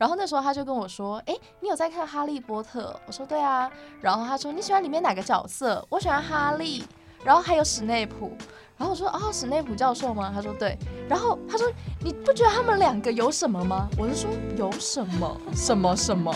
然後那時候他就跟我說：“哎、欸，你有在看《哈利波特》？”我說：“對啊。”然後他說：“你喜歡裡面哪個角色？”我喜歡哈利，然後還有史內普。然後我說：“哦，史內普教授嗎？”他說：“對。”然後他說：“你不覺得他們兩個有什麼嗎？”我是說有什麼什麼什麼。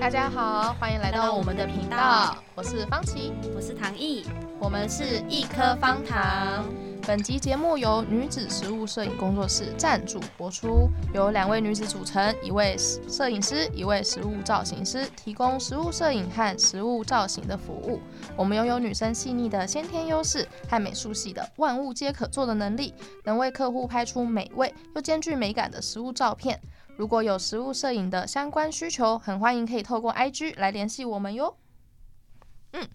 大家好，歡迎來到我們的頻道，我是方琦，我是唐毅，我們是一顆方糖。本集節目由女子食物攝影工作室贊助播出，由兩位女子組成，一位攝影師，一位食物造型師，提供食物攝影和食物造型的服務。我們擁有女生細膩的先天優勢和美術系的萬物皆可做的能力，能為客戶拍出美味又兼具美感的食物照片。如果有食物攝影的相關需求，很歡迎可以透過 IG 來聯繫我們喲。嗯，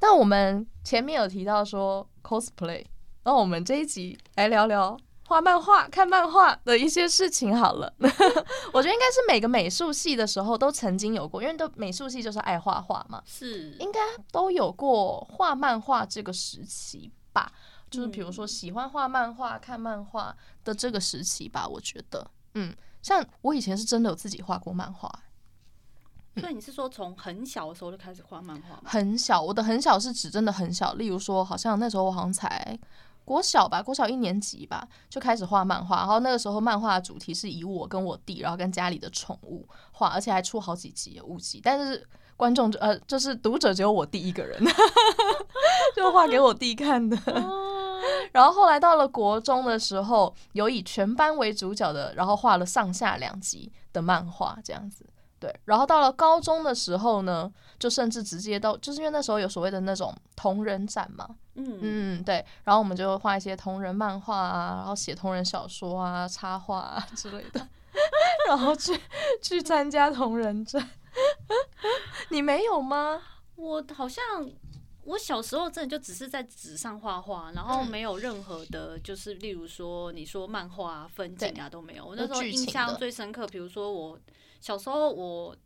那我們前面有提到說 cosplay。那、哦、我們這一集來聊聊畫漫畫、看漫畫的一些事情好了。 我覺得應該是每個美術系的時候都曾經有過，因為都美術系就是愛畫畫嘛，是應該都有過畫漫畫這個時期吧？就是比如說喜歡畫漫畫、嗯、看漫畫的這個時期吧？我覺得，嗯，像我以前是真的有自己畫過漫畫、嗯。所以你是說從很小的時候就開始畫漫畫？很小，我的很小是指真的很小，例如說，好像那時候我好像才。國小吧，國小一年級吧，就開始畫漫畫，然後那個時候漫畫主題是以我跟我弟，然後跟家裡的寵物畫，而且還出好幾集，五集，但是觀眾就呃就是讀者只有我弟一個人， 就畫給我弟看的。 然後後來到了國中的時候，有以全班為主角的，然後畫了上下兩集的漫畫這樣子。對，然後到了高中的時候呢，就甚至直接到，就是因為那時候有所謂的那種同人展嘛，嗯嗯，對，然後我們就會畫一些同人漫畫啊，然後寫同人小說啊、插畫啊之類的， 然後去去參加同人展。 你沒有嗎？我好像我小時候真的就只是在紙上畫畫，然後沒有任何的，嗯、就是例如說你說漫畫啊、風景啊都沒有。我那時候印象最深刻，比如說我。小時候我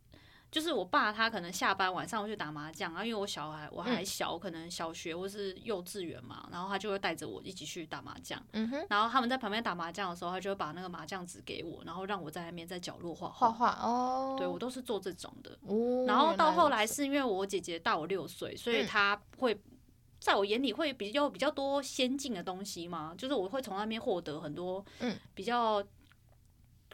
就是我爸，他可能下班晚上會去打麻將啊，因為我小孩我還小，嗯，可能小學或是幼稚園嘛，然後他就會帶着我一起去打麻將，嗯哼。然後他們在旁邊打麻將的時候，他就會把那個麻將紙給我，然後讓我在那邊在角落畫畫畫哦。對我都是做這種的、哦。然後到後來是因為我姐姐大我六歲，所以他會在我眼裡會比較比較多先進的東西嘛，就是我會從那邊獲得很多嗯比較。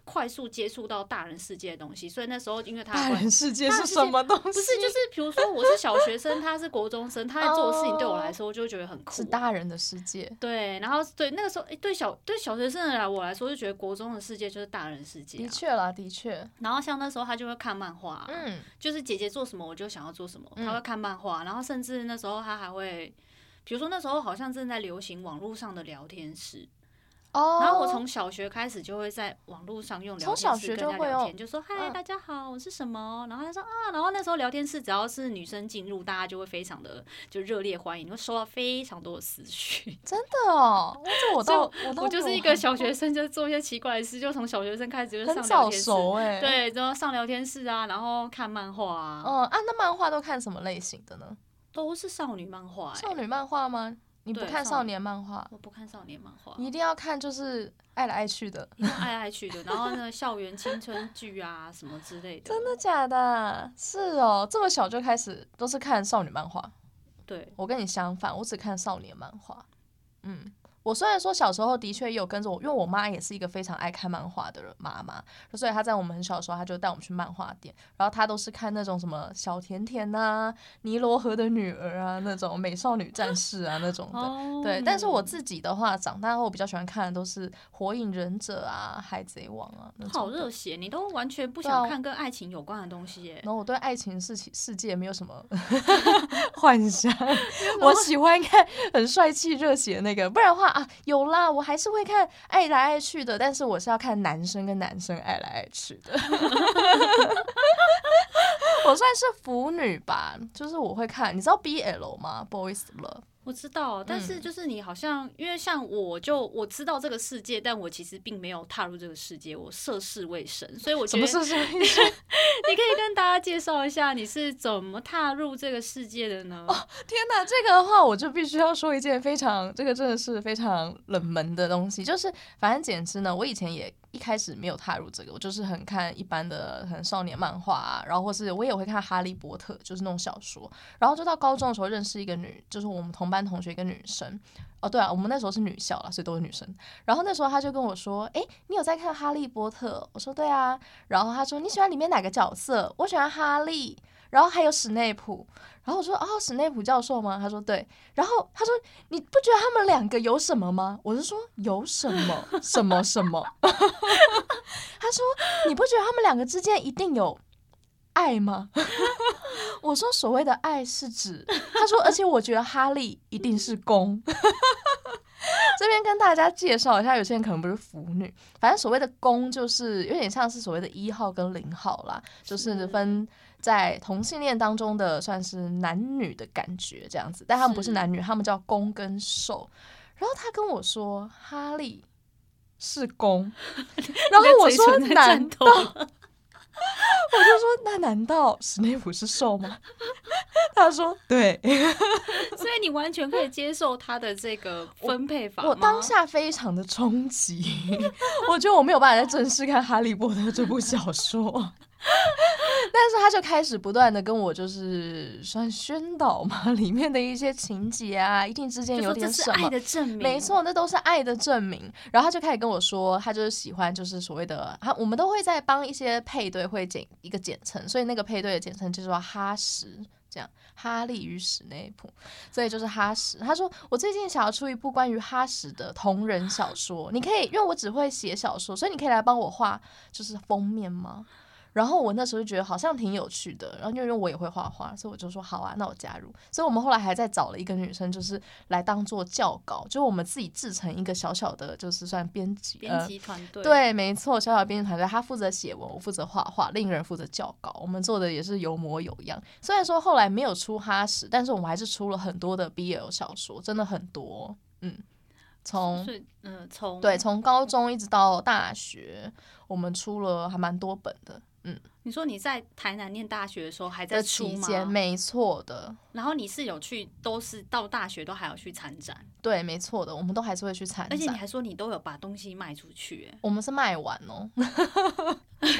快速接觸到大人世界的東西，所以那時候因為他大人世界是什麼東西？不是，就是比如說我是小學生， 他是國中生，他在做的事情對我來說，我就會覺得很酷。是大人的世界。對，然後對那個時候，欸、對小對小學生來我來說，就覺得國中的世界就是大人世界、啊。的確啦，的確。然後像那時候他就會看漫畫、啊，嗯，就是姐姐做什麼我就想要做什麼。嗯、他會看漫畫，然後甚至那時候他還會，比如說那時候好像正在流行網絡上的聊天室。然後我從小學開始就會在網絡上用聊天室，從小學就會跟人家聊天，就說嗨，大家好，我是什麼？然後他說啊，然後那時候聊天室只要是女生進入，大家就會非常的就熱烈歡迎，會收到非常多的私訊。真的哦，就我就 我、我、我我就是一個小學生，就做一些奇怪的事，就從小學生開始就上聊天室，欸、對，就上聊天室啊，然後看漫畫啊。哦、嗯、啊，那漫畫都看什麼類型的呢？都是少女漫畫、欸，哎，少女漫畫嗎？你不看少年漫畫，我不看少年漫畫。你一定要看，就是愛來愛去的，愛來愛去的，然後呢，校園青春劇啊什麼之類的。 真的假的？是哦，這麼小就開始都是看少女漫畫。對，我跟你相反，我只看少年漫畫。嗯。我雖然說小時候的確也有跟着我，因為我媽也是一個非常愛看漫畫的人媽媽，所以她在我們很小的時候，她就帶我們去漫畫店，然後她都是看那種什麼小甜甜啊、尼羅河的女兒啊、那種美少女戰士啊 那種的。對，oh, 但是我自己的話，長大後我比較喜歡看的都是火影忍者啊、海賊王啊，好熱血！你都完全不想看跟愛情有關的東西耶。然後、哦 no, 我對愛情世世界沒有什麼。 幻想，我喜歡看很帥氣熱血的那個，不然的話啊，有啦，我還是會看愛來愛去的，但是我是要看男生跟男生愛來愛去的， 我算是腐女吧，就是我會看，你知道 BL 嗎？boys love。我知道，但是就是你好像，嗯，因為像我就我知道這個世界，但我其實並沒有踏入這個世界，我涉世未深，所以我覺得什麼涉世未深。 你可以跟大家介紹一下你是怎麼踏入這個世界的呢？哦，天哪，這個的話我就必須要說一件非常，這個真的是非常冷門的東西，就是反正簡之呢，我以前也。一開始沒有踏入這個，我就是很看一般的，很少年漫畫啊，然後或是我也會看《哈利波特》，就是那種小說。然後就到高中的時候，認識一個女，就是我們同班同學一個女生。哦，對啊，我們那時候是女校了，所以都是女生。然後那時候她就跟我說：“誒，你有在看《哈利波特》？”我說：“對啊。”然後她說：“你喜歡裡面哪個角色？”我喜歡哈利。然後還有史內普，然後我說哦，史內普教授嗎？他說對。然後他說，你不覺得他們兩個有什麼嗎？我是說有什麼什麼什麼。什麼 他說，你不覺得他們兩個之間一定有愛嗎？ 我說所謂的愛是指。他說，而且我覺得哈利一定是攻。 這邊跟大家介紹一下，有些人可能不是腐女，反正所謂的攻就是有點像是所謂的一號跟零號啦，就是分在同性戀當中的算是男女的感覺這樣子，但他們不是男女，他們叫攻跟受。然後他跟我說哈利是攻，然後我說男同」。 我就說，那難道史內普是受嗎？ 他說對， 所以你完全可以接受他的這個分配法我。我當下非常的衝擊， 我覺得我沒有辦法再正視看《哈利波特》這部小說。 但是他就開始不斷的跟我就是算宣導嘛，裡面的一些情節啊，一定之間有點什麼，就說這是愛的證明，沒錯，那都是愛的證明。然後他就開始跟我說，他就是喜歡，就是所謂的啊，我們都會在幫一些配對會簡一個簡稱，所以那個配對的簡稱就是說哈史，這樣，哈利與史內普，所以就是哈史，他說我最近想要出一部關於哈史的同人小說，你可以，因為我只會寫小說，所以你可以來幫我畫就是封面嗎？然後我那時候就覺得好像挺有趣的，然後因為我也會畫畫，所以我就說好啊，那我加入。所以，我們後來還在找了一個女生，就是來當做校稿，就我們自己制成一個小小的，就是算編輯、呃、編輯團隊。對，沒錯，小小編輯團隊，她負責寫文，我負責畫畫，另一個人負責校稿。我們做的也是有模有樣。雖然說後來沒有出哈士，但是我們還是出了很多的 BL 小說，真的很多。嗯，從嗯、呃、從對從高中一直到大學，我們出了還蠻多本的。嗯，你說你在台南念大學的時候還在出嗎？期間沒錯的。然後你是有去，都是到大學都還要去參展。對，沒錯的，我們都還是會去參展。而且你還說你都有把東西賣出去，我們是賣完哦，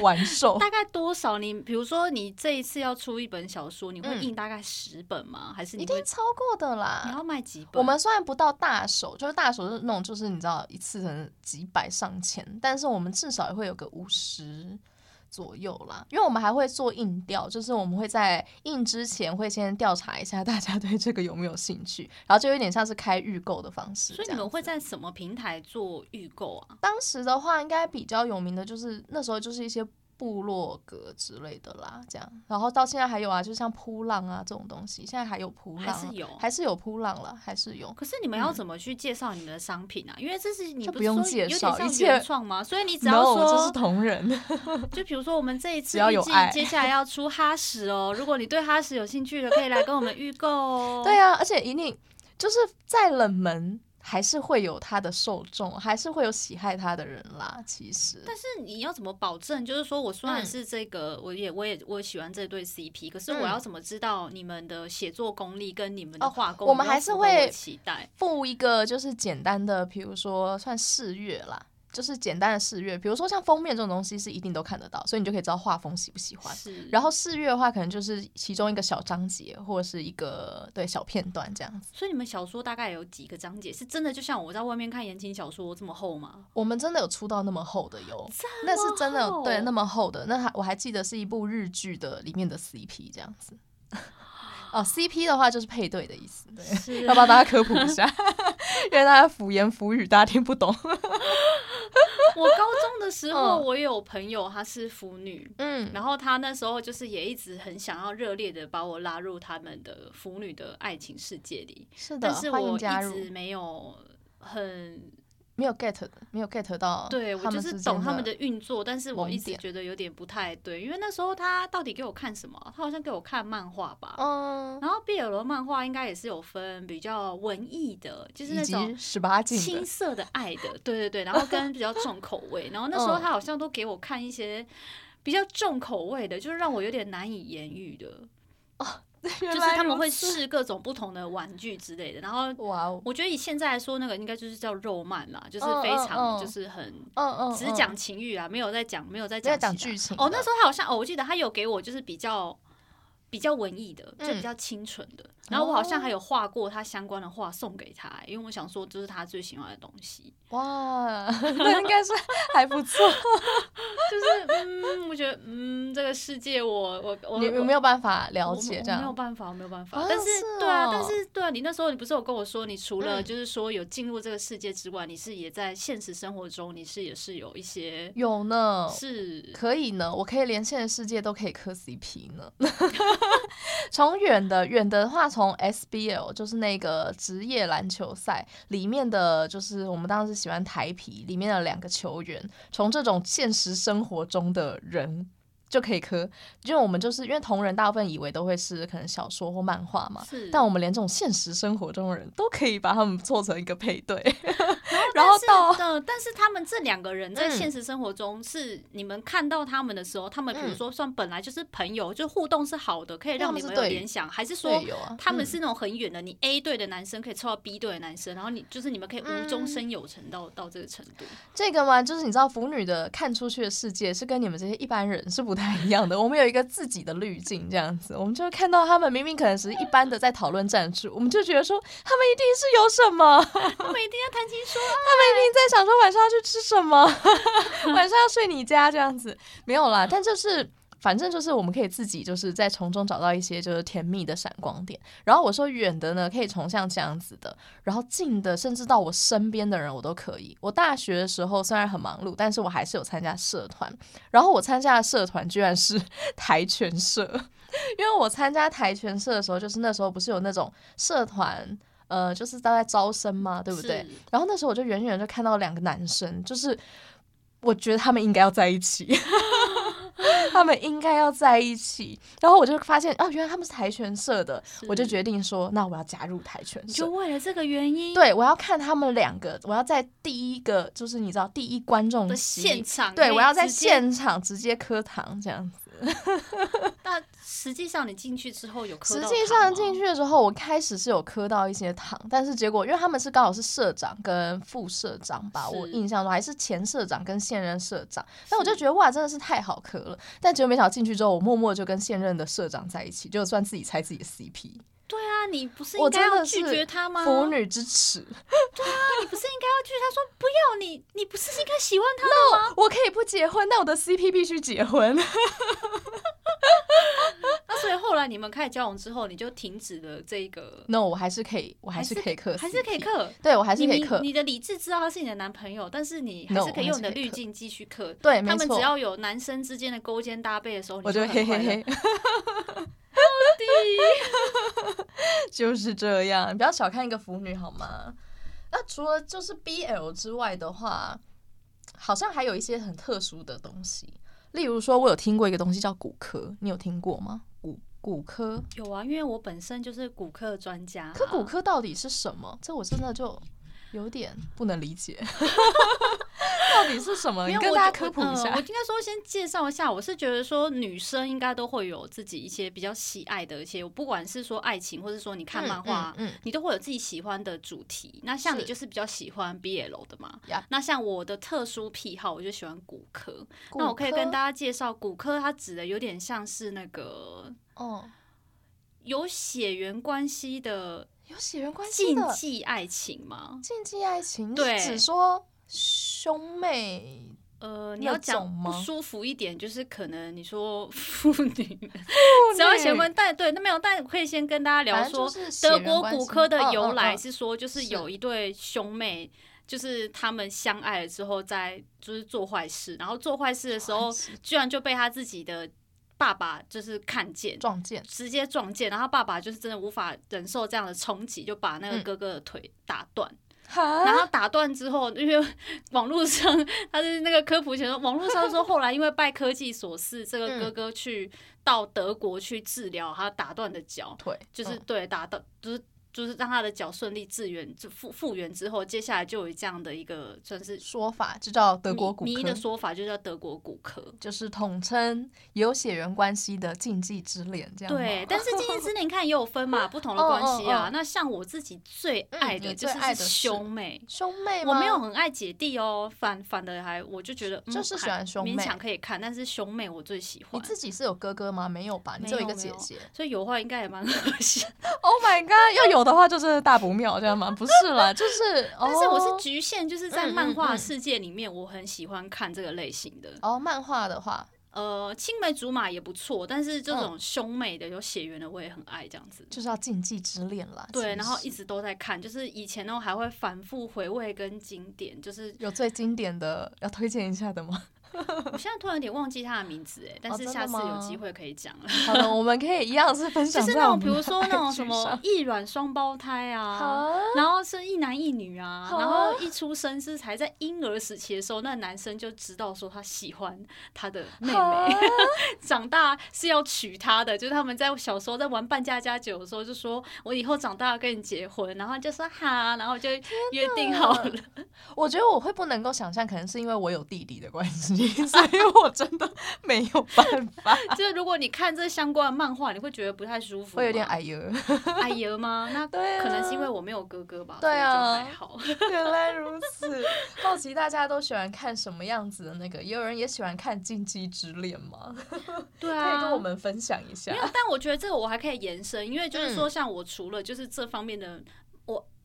完 售 玩獸。 大概多少你？你比如說你這一次要出一本小說，你會印大概十本嗎？嗯、還是你一定超過的啦？你要賣幾本？我們雖然不到大手，就是大手是那種，就是你知道一次可能幾百上千，但是我們至少也會有個五十。左右啦，因為我們還會做印調，就是我們會在印之前會先調查一下大家對這個有沒有興趣，然後就有點像是開預購的方式。所以你們會在什麼平台做預購啊？當時的話，應該比較有名的就是那時候就是一些。部落格之類的啦，這樣，然後到現在還有啊，就像撲浪啊這種東西，現在還有撲浪，還是有，還是有撲浪了，還是有。可是你們要怎麼去介紹你們的商品啊？嗯、因為這是你不用介紹，有點像原創嗎？所以你只要說，這、no，是同人， 就比如說我們這一次一，接下來要出哈史哦，如果你對哈史有興趣的，可以來跟我們預購哦。 對啊，而且一定就是再冷門。還是會有他的受眾，還是會有喜愛他的人啦。其實，但是你要怎麼保證？就是說我雖然是這個，嗯、我也我也我也喜歡這對 CP，可是我要怎麼知道你們的寫作功力跟你們的畫功力，哦？我們還是會期待附一個就是簡單的，譬、哦、如說算試閱啦，就是簡單的試閱，比如說像封面這種東西是一定都看得到，所以你就可以知道畫風喜不喜歡。是。然後試閱的話，可能就是其中一個小章節，或者是一個對小片段這樣子。所以你們小說大概有幾個章節？是真的就像我在外面看言情小說這麼厚嗎？我們真的有出到那麼厚的喲，那是真的有對那麼厚的。那我還記得是一部日劇的裡面的 CP 這樣子。 哦，CP 的話就是配對的意思，對，要不要大家科普一下？ 因為大家腐言腐語，大家聽不懂。 我高中的時候，我有朋友，她是腐女，嗯，然後她那時候就是也一直很想要熱烈的把我拉入他們的腐女的愛情世界裡，是的，但是我一直沒有很。沒有 get 沒有 get 到。對，我就是懂他們的運作，但是我一直覺得有點不太對，因為那時候他到底給我看什麼？他好像給我看漫畫吧。嗯。然後 BL 漫畫應該也是有分比較文藝的，就是那種青澀的愛的、十八禁的，對對對。然後跟比較重口味， 然後那時候他好像都給我看一些比較重口味的，就是讓我有點難以言喻的。哦、嗯。就是他們會試各種不同的玩具之類的，然後，我覺得以現在來說，那個應該就是叫肉漫嘛，wow、就是非常就是很 oh, oh, oh. 只講情慾啊 oh, oh, oh. 沒，沒有在講沒有在講劇情。哦、oh，那時候他好像哦，oh, 我記得他有給我就是比較。比較文藝的，就比較清純的，嗯。然後我好像還有畫過他相關的畫送給他，哦，因為我想說這是他最喜歡的東西。哇，那 應該是還不錯。就是，嗯，我覺得，嗯，這個世界，我我我，我我你有沒有辦法了解，這樣，沒有辦法，沒有辦法。但是，是，哦，對啊，但是對啊，你那時候你不是有跟我說，你除了就是說有進入這個世界之外，你是也在現實生活中，你是也是有一些有呢，是可以呢，我可以連現實世界都可以磕 CP 呢。 從遠的遠的話，從 SBL 就是那個職業籃球賽裡面的，就是我們當時喜歡台啤裡面的兩個球員，從這種現實生活中的人。就可以磕，因為我們就是因為同人，大部分以為都會是可能小說或漫畫嘛。但我們連這種現實生活中的人都可以把他們做成一個配對。然後， 然後到、嗯、但是，他們這兩個人在現實生活中是你們看到他們的時候，他們比如說算本來就是朋友，嗯，就互動是好的，可以讓你們有聯想，對，還是說他們是那種很遠的？你 A 隊的男生可以湊到 B 隊的男生，然後你就是你們可以無中生有成到、嗯、到這個程度？這個嘛，就是你知道腐女的看出去的世界是跟你們這些一般人是不？一樣的，我們有一個自己的濾鏡，這樣子，我們就看到他們明明可能是一般的在討論戰術，我們就覺得說他們一定是有什麼， 他們一定要談情說愛，他們一定在想說晚上要去吃什麼， 晚上要睡你家這樣子，沒有啦，但這是。反正就是我們可以自己，就是在從中找到一些就是甜蜜的閃光點。然後我說遠的呢，可以從像這樣子的，然後近的甚至到我身邊的人，我都可以。我大學的時候雖然很忙碌，但是我還是有參加社團。然後我參加的社團居然是跆拳社， 因為我參加跆拳社的時候，就是那時候不是有那種社團，呃，就是在招生嘛，對不對？然後那時候我就遠遠就看到兩個男生，就是我覺得他們應該要在一起。 他們應該要在一起，然後我就發現啊，原來他們是跆拳社的，我就決定說，那我要加入跆拳社。就為了這個原因？對，我要看他們兩個，我要在第一個，就是你知道，第一觀眾席，現場、欸，對，我要在現場直接磕糖這樣子。那 實際上，你進去之後有磕到，實際上進去的時候，我開始是有磕到一些糖，但是結果因為他們是剛好是社長跟副社長吧，我印象中還是前社長跟現任社長，但我就覺得哇，真的是太好磕了。但結果沒想到進去之後，我默默就跟現任的社長在一起，就算自己猜自己的 CP。對啊，你不是應該要拒絕他嗎？腐女之恥。 對啊，你不是應該要拒絕？他說不要，你你不是應該喜歡他嗎？no, 我可以不結婚，那我的 CP 必須結婚。 那所以後來你們開始交往之後，你就停止了這個。No，我還是可以，我還是可以克，還是可以克。對我還是可以克。你的理智知道他是你的男朋友，但是你還是可以用你的濾鏡繼續克。對、沒錯，他們只要有男生之間的勾肩搭背的時候，你就我就嘿嘿嘿 第一，就是這樣，你不要小看一個腐女好嗎？那除了就是 BL 之外的話，好像還有一些很特殊的東西，例如說我有聽過一個東西叫骨科，你有聽過嗎？骨、骨科有啊，因為我本身就是骨科專家啊。可骨科到底是什麼？這我真的就有點不能理解。 到底是什麼？你跟大家科普一下。我、呃、我應該說先介紹一下，我是覺得說女生應該都會有自己一些比較喜愛的一些，不管是說愛情，或者說你看漫畫，嗯嗯，嗯，你都會有自己喜歡的主題。那像你就是比較喜歡 BL 的嘛，那像我的特殊癖好，我就喜歡骨科，骨科。那我可以跟大家介紹，骨科它指的有點像是那個哦，嗯，有血緣關係的，有血緣關係的禁忌愛情嗎？禁忌愛情，對，只說。兄妹，呃，你要講不舒服一點，就是可能你說婦女，女只要結婚，但對那沒有，但可以先跟大家聊說德國骨科的由來是說，就是有一對兄妹，就是他們相愛了之後，在就是做壞事，然後做壞事的時候，居然就被他自己的爸爸就是看見撞見，直接撞見，然後他爸爸就是真的無法忍受這樣的衝擊，就把那個哥哥的腿打斷。嗯 然後打斷之後，因為網絡上他是那個科普前說，網絡上說後來因為拜科技所賜，這個哥哥去到德國去治療他打斷的腳腿，就是對打斷，就是。就是讓他的腳順利自原就復復原之後，接下來就有這樣的一個算是說法，就叫德國骨科。你的說法就叫德國骨科，就是統稱有血緣關係的禁忌之戀，這樣。對，但是禁忌之戀，你看也有分嘛， 不同的關係啊。Oh, oh, oh. 那像我自己最愛的就是，、嗯的最愛的是就是、兄妹，兄妹。我沒有很愛姐弟哦，反反的還我就覺得、嗯、就是還勉強可以看，但是兄妹我最喜歡。你自己是有哥哥嗎？沒有吧？有你只有一個姐姐，所以有話應該也蠻可惜。Oh my god，又有。 的話就是大不妙，這樣嗎？不是啦， 就是、哦。但是我是局限，就是在漫畫世界裡面，我很喜歡看這個類型的。哦、嗯，漫畫的話，呃，青梅竹馬也不錯，但是這種兄妹的有血緣的我也很愛這樣子。嗯、就是要禁忌之戀啦，對，然後一直都在看，就是以前呢我還會反覆回味跟經典，就是有最經典的要推薦一下的嗎？我現在突然有點忘記他的名字哎，但是下次有機會可以講了。好、oh, 了，我們可以一樣是分享。就是那種比如說那種什麼異卵雙胞胎啊，oh, 然後是一男一女啊，oh. 然後一出生是才在嬰兒時期的時候，那男生就知道說他喜歡他的妹妹，oh. 長大是要娶她的。就是他們在小時候在玩扮家家酒的時候，就說我以後長大要跟你結婚，然後就說好，然後就約定好了。我覺得我會不能夠想象，可能是因為我有弟弟的關係。 所以我真的沒有辦法 就是如果你看這相關的漫畫，你會覺得不太舒服。會有點矮油，矮 油嗎？那對，可能是因為我沒有哥哥吧。對啊， 原來如此，好奇大家都喜歡看什麼樣子的那個，也有，有人也喜歡看《禁忌之戀》嗎？ 對啊，可以跟我們分享一下沒有。但我覺得這個我還可以延伸，因為就是說，像我除了就是這方面的。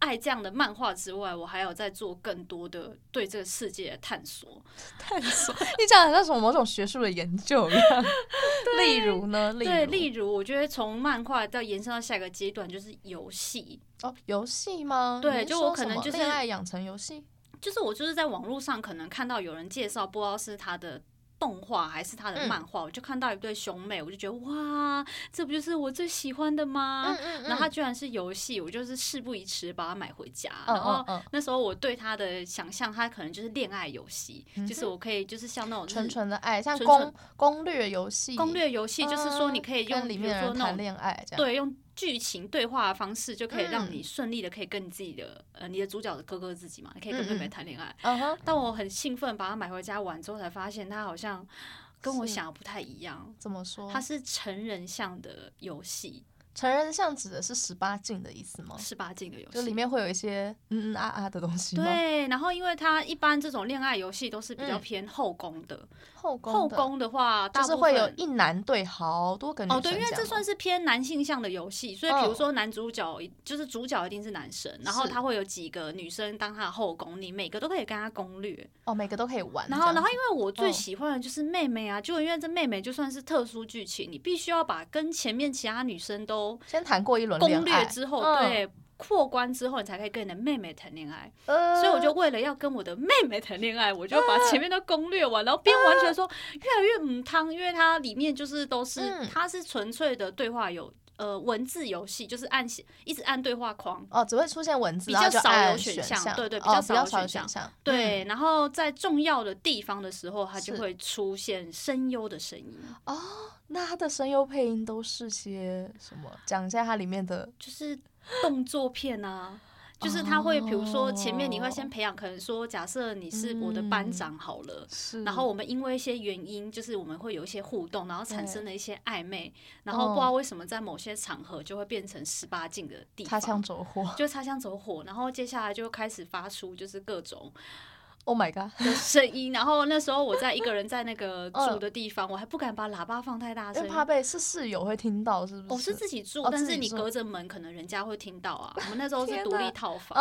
愛這樣的漫畫之外，我還有在做更多的對這個世界的探索。探索？你講的像什麼某種學術的研究一樣？ 例如呢，例如？對，例如，我覺得從漫畫到延伸到下一個階段就是遊戲。哦，遊戲嗎？對，就我可能就是戀愛養成遊戲。就是我就是在網絡上可能看到有人介紹，不知道是他的。動畫還是他的漫畫，嗯、我就看到一對兄妹，我就覺得哇，這不就是我最喜歡的嗎？嗯嗯嗯，然後他居然是遊戲，我就是事不宜遲，把它買回家。嗯嗯嗯，然後那時候我對他的想象，他可能就是戀愛遊戲，嗯嗯，就是我可以就是像那種純純的愛，像攻純純攻略遊戲，嗯，攻略遊戲就是說你可以用，裡面比如談戀愛這樣對，用。劇情對話的方式就可以讓你順利的可以跟你自己的、嗯、呃你的主角的哥哥自己嘛，你可以跟妹妹談戀愛。嗯哼，但我很興奮把它買回家玩之後，才發現它好像跟我想的不太一樣。怎麼說？它是成人向的遊戲。成人向指的是十八禁的意思嗎？十八禁的遊戲，就裡面會有一些嗯嗯啊啊的東西嗎？對，然後因為它一般這種戀愛遊戲都是比較偏後宮的、嗯、的。後宮的後宮的話大，就是會有一男對好多個女生。哦，對，因為這算是偏男性向的遊戲，所以比如說男主角、哦、就是主角一定是男生，然後他會有幾個女生當他的後宮，你每個都可以跟他攻略。哦，每個都可以玩。然後，然後因為我最喜歡的就是妹妹啊，哦、就因為這妹妹就算是特殊劇情，你必須要把跟前面其他女生都。先談過一輪攻略之後，對、嗯，過關之後你才可以跟你的妹妹談戀愛，嗯。所以我就為了要跟我的妹妹談戀愛，我就把前面的攻略完，然後邊完全說越來越母湯，因為它裡面就是都是，它是純粹的對話有。呃，文字遊戲就是按，一直按對話框哦，只會出現文字，比較少有選項，對對，對，哦，比較少有選項，嗯，對。然後在重要的地方的時候，它就會出現聲優的聲音。哦，那它的聲優配音都是些什麼？講一下它裡面的，就是動作片啊。 就是他會，比如說前面你會先培養，可能說假設你是我的班長好了，然後我們因為一些原因，就是我們會有一些互動，然後產生了一些曖昧，然後不知道為什麼在某些場合就會變成十八禁的地方，擦槍走火，就擦槍走火，然後接下來就開始發出就是各種。Oh my god！的聲音，然後那時候我在一個人在那個住的地方， 呃、我還不敢把喇叭放太大聲，怕被是室友會聽到，是不是？我是自己住，哦、但是你隔着門，可能人家會聽到啊。哦、我們那時候是獨立套房，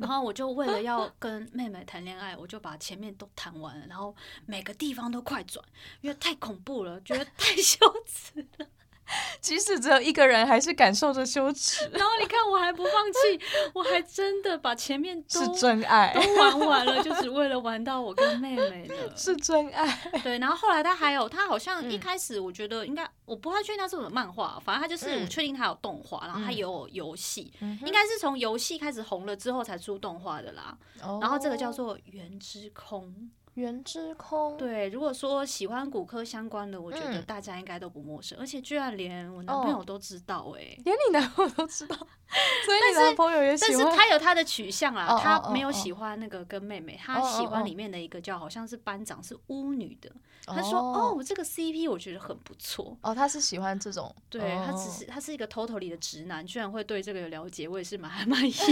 然後我就為了要跟妹妹談戀愛， 我就把前面都談完了，然後每個地方都快轉，因為太恐怖了，覺得太羞恥了。 即使只有一個人，還是感受着羞恥。 然後你看，我還不放棄， 我還真的把前面都是真愛 都玩完了，就只為了玩到我跟妹妹的，是真愛。對，然後後來他還有，他好像一開始我覺得應該我不太確定他是什麼漫畫、嗯，反正他就是我確定他有動畫，然後他也有遊戲、嗯，應該是從遊戲開始紅了之後才出動畫的啦、哦。然後這個叫做《緣之空》。緣之空。對，如果說喜歡骨科相關的，我覺得大家應該都不陌生，嗯，而且居然連我男朋友都知道欸。哎，哦，連你男朋友都知道。所以但是朋友也喜歡，但是他有他的取向啊，oh, oh, oh, oh. 他沒有喜歡那個跟妹妹，oh, oh, oh. 他喜歡裡面的一個叫好像是班長是巫女的，oh, oh. 他說：“哦、oh,，這個 CP 我覺得很不錯。”哦，他是喜歡這種，對、oh. 他只是他是一個 totally 的直男，居然會對這個有了解，我也是蠻滿意。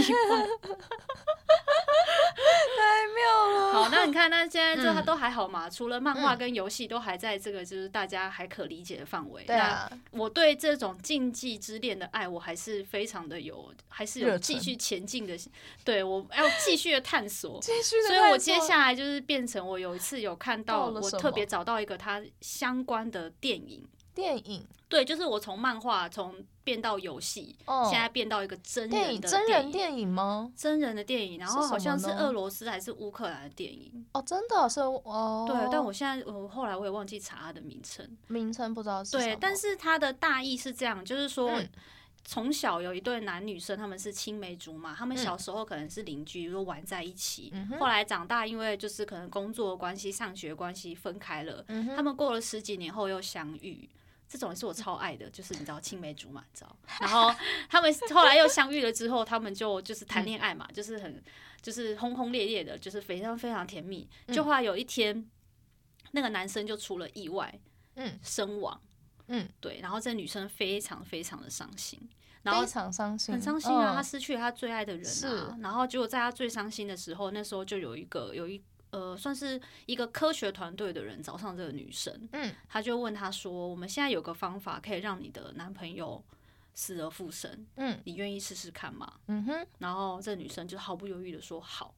太妙了！好，那你看，那現在他都還好嘛，嗯、除了漫畫跟遊戲都還在這個就是大家還可理解的範圍、嗯。那我對這種禁忌之戀的愛，我還是非常的有。有還是有繼續前進的，對，我要繼續的探索，所以，我接下來就是變成我有一次有看到，我特別找到一個它相關的電影，電影對，就是我從漫畫從變到遊戲，現在變到一個真人的電影，真人電影嗎？真人的電影，然後好像是俄羅斯還是烏克蘭的電影哦，真的是哦，對，但我現在我後來我也忘記查它的名稱，名稱不知道是對，但是它的大意是這樣，就是說。從小有一對男女生，他們是青梅竹馬，他們小時候可能是鄰居，如果玩在一起。嗯、後來長大，因為就是可能工作關係、上學關係分開了、嗯。他們過了十幾年後又相遇，這種是我超愛的、嗯，就是你知道青梅竹馬，你知道。然後他們後來又相遇了之後， 他們就就是談戀愛嘛、嗯，就是很就是轟轟烈烈的，就是非常非常甜蜜。嗯、就後來有一天，那個男生就出了意外，嗯，身亡，嗯，對，然後這女生非常非常的傷心。非常傷心，然後很傷心啊、哦！他失去他最愛的人啊。啊。然後結果在他最傷心的時候，那時候就有一個，有一呃，算是一個科學團隊的人找上這個女生。嗯，他就問她說：“我們現在有個方法可以讓你的男朋友死而復生。嗯，你願意試試看嗎？”嗯哼。然後這女生就毫不猶豫的說：“好。”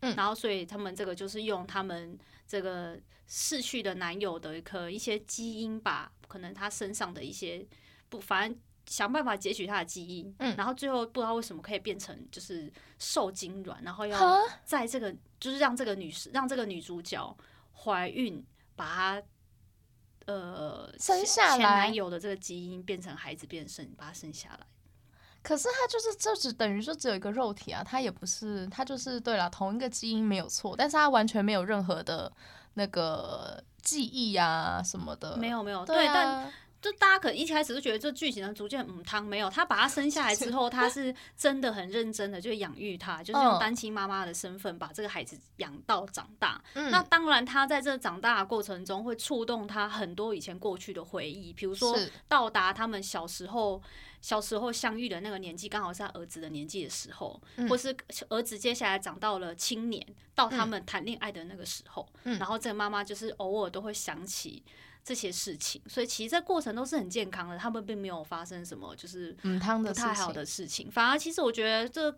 嗯，然後所以他們這個就是用他們這個逝去的男友的一顆一些基因吧，可能他身上的一些不凡。想辦法截取他的基因，嗯、然後最後不知道為什麼可以變成就是受精卵，然後要在這個就是讓這個女士讓這個女主角懷孕，把她呃生下來前男友的這個基因變成孩子變，變生把她生下來。可是她就是就只等於說只有一個肉體啊，她也不是她就是對了，同一個基因沒有錯，但是她完全沒有任何的那個記憶啊什麼的，沒有沒有對、啊、對，但。就大家可能一開始都覺得這劇情呢逐漸很母湯，沒有，他把他生下來之後，他是真的很認真的，就養育他， 就是用單親媽媽的身份把這個孩子養到長大。嗯、那當然，他在這長大的過程中會觸動他很多以前過去的回憶，比如說到達他們小時候小時候相遇的那個年紀，剛好是他兒子的年紀的時候、嗯，或是兒子接下來長到了青年，到他們談戀愛的那個時候，嗯、然後這個媽媽就是偶爾都會想起這些事情，所以其實這過程都是很健康的，他們並沒有發生什麼就是不太好的事情。嗯、事情反而其實我覺得這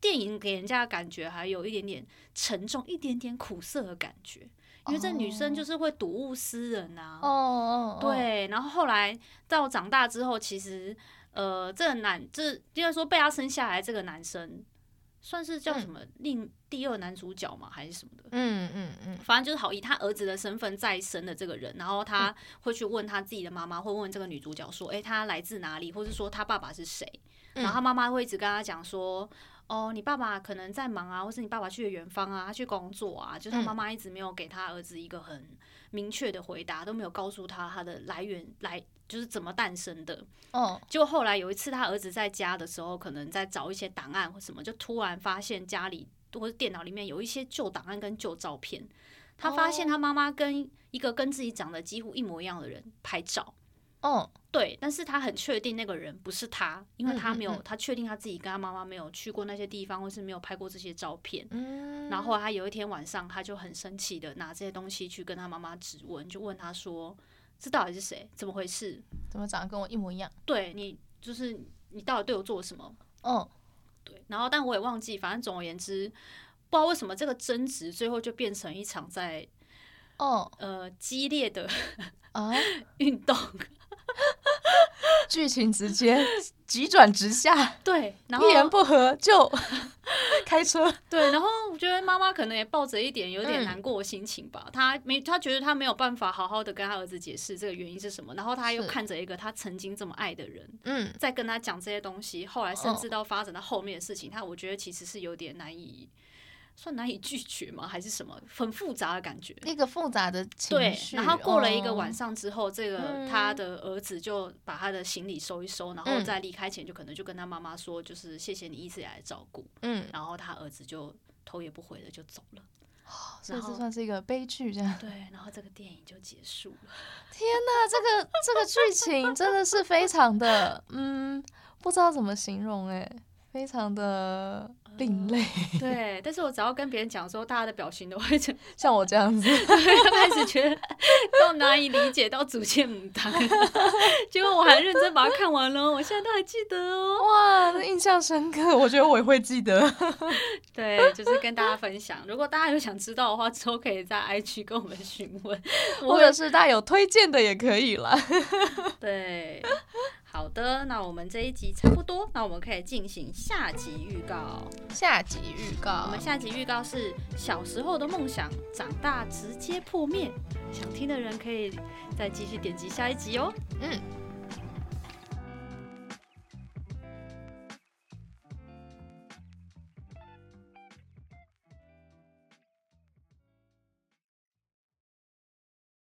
電影給人家的感覺還有一點點沉重，一點點苦澀的感覺，因為這女生就是會睹物思人啊。哦、oh，對。Oh, oh, oh. 然後後來到長大之後，其實呃，這男這應該說被他生下來這個男生，算是叫什麼令。嗯第二男主角嘛，還是什麼的？嗯嗯嗯，反正就是好以他兒子的身份再生的這個人，然後他會去問他自己的媽媽、嗯，會問這個女主角說：“誒、欸，他來自哪裡？”或者說他爸爸是誰、嗯？然後他媽媽會一直跟他講說：“哦，你爸爸可能在忙啊，或是你爸爸去了遠方啊，他去工作啊。”就是他媽媽一直沒有給他兒子一個很明確的回答、嗯，都沒有告訴他他的來源，來就是怎麼誕生的。哦，就後來有一次他兒子在家的時候，可能在找一些檔案或什麼，就突然發現家裡。或者電腦裡面有一些舊檔案跟舊照片，他發現他媽媽跟一個跟自己長得幾乎一模一樣的人拍照。哦、oh.，對，但是他很確定那個人不是他，因為他沒有，嗯嗯嗯，他確定他自己跟他媽媽沒有去過那些地方，或是沒有拍過這些照片。嗯、然後，後他有一天晚上，他就很生氣的拿這些東西去跟他媽媽質問，就問他說：“這到底是誰？怎麼回事？怎麼長得跟我一模一樣？對你，就是你到底對我做了什麼？”哦、oh.。然後，但我也忘記，反正總而言之，不知道為什麼這個爭執最後就變成一場在哦、oh. 呃激烈的啊 運運動。 劇情直接急轉直下，對，然後，一言不合就開車。對，然後我覺得媽媽可能也抱着一點有點難過的心情吧，她、嗯、沒，她覺得她沒有辦法好好的跟她兒子解釋這個原因是什麼，然後她又看着一個她曾經這麼愛的人，嗯，在跟她講這些東西，後來甚至到發展到後面的事情，她我覺得其實是有點難以。算難以拒絕嗎？還是什麼很複雜的感覺？那個複雜的情緒。對，然後過了一個晚上之後，哦，這個他的兒子就把他的行李收一收，嗯，然後在離開前就可能就跟他媽媽說，就是謝謝你一直以來照顧。嗯。然後他兒子就頭也不回的就走了。哦。所以這算是一個悲劇，這樣。對，然後這個電影就結束了。 天哪，這個這個劇情真的是非常的，嗯，不知道怎麼形容誒、欸，非常的。另類，對，但是我只要跟別人講說，大家的表情都會像我這樣子，都 開始覺得都難以理解到主線母湯， 結果我還認真把它看完了，我現在都還記得哦。哇，印象深刻，我覺得我也會記得。 對，就是跟大家分享，如果大家有想知道的話，之後可以在 IG 跟我們詢問，或者是大家有推薦的也可以啦。 對。好的，那我們這一集差不多，那我們可以進行下集預告。下集預告，我們下集預告是小時候的夢想，長大直接破滅。想聽的人可以再繼續點擊下一集哦。嗯。